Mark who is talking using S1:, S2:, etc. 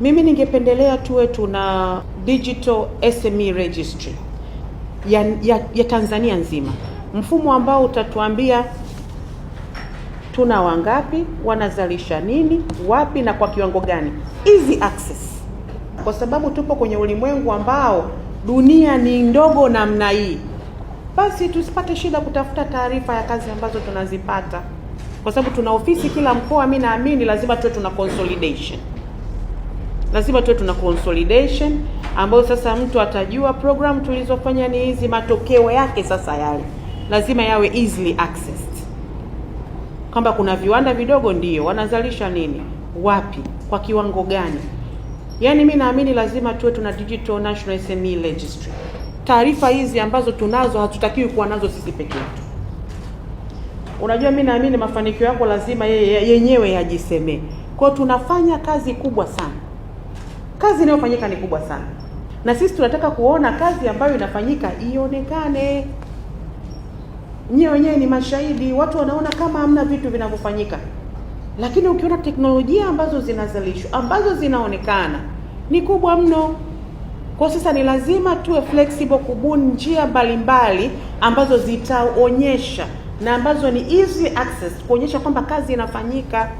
S1: Mimi ningependelea tuwe tuna digital SME registry ya, ya, ya Tanzania nzima, mfumo ambao utatuambia tuna wangapi, wanazalisha nini, wapi na kwa kiwango gani, easy access, kwa sababu tupo kwenye ulimwengu ambao dunia ni ndogo namna hii, basi tusipate shida kutafuta taarifa ya kazi ambazo tunazipata, kwa sababu tuna ofisi kila mkoa. Mimi naamini lazima tuwe tuna consolidation lazima tuwe tuna consolidation ambayo sasa mtu atajua program tulizofanya ni hizi, matokeo yake sasa yale lazima yawe easily accessed, kwamba kuna viwanda vidogo ndio wanazalisha nini, wapi, kwa kiwango gani. Yaani mi naamini lazima tuwe tuna digital national SME registry. Taarifa hizi ambazo tunazo hatutakiwi kuwa nazo sisi peke yetu. Unajua, mi naamini mafanikio yako lazima yenyewe yajisemee. Kwa tunafanya kazi kubwa sana kazi inayofanyika ni kubwa sana, na sisi tunataka kuona kazi ambayo inafanyika ionekane. Nyie wenyewe ni mashahidi, watu wanaona kama hamna vitu vinavyofanyika, lakini ukiona teknolojia ambazo zinazalishwa ambazo zinaonekana ni kubwa mno. Kwa sasa ni lazima tuwe flexible kubuni njia mbalimbali ambazo zitaonyesha na ambazo ni easy access kuonyesha kwamba kazi inafanyika.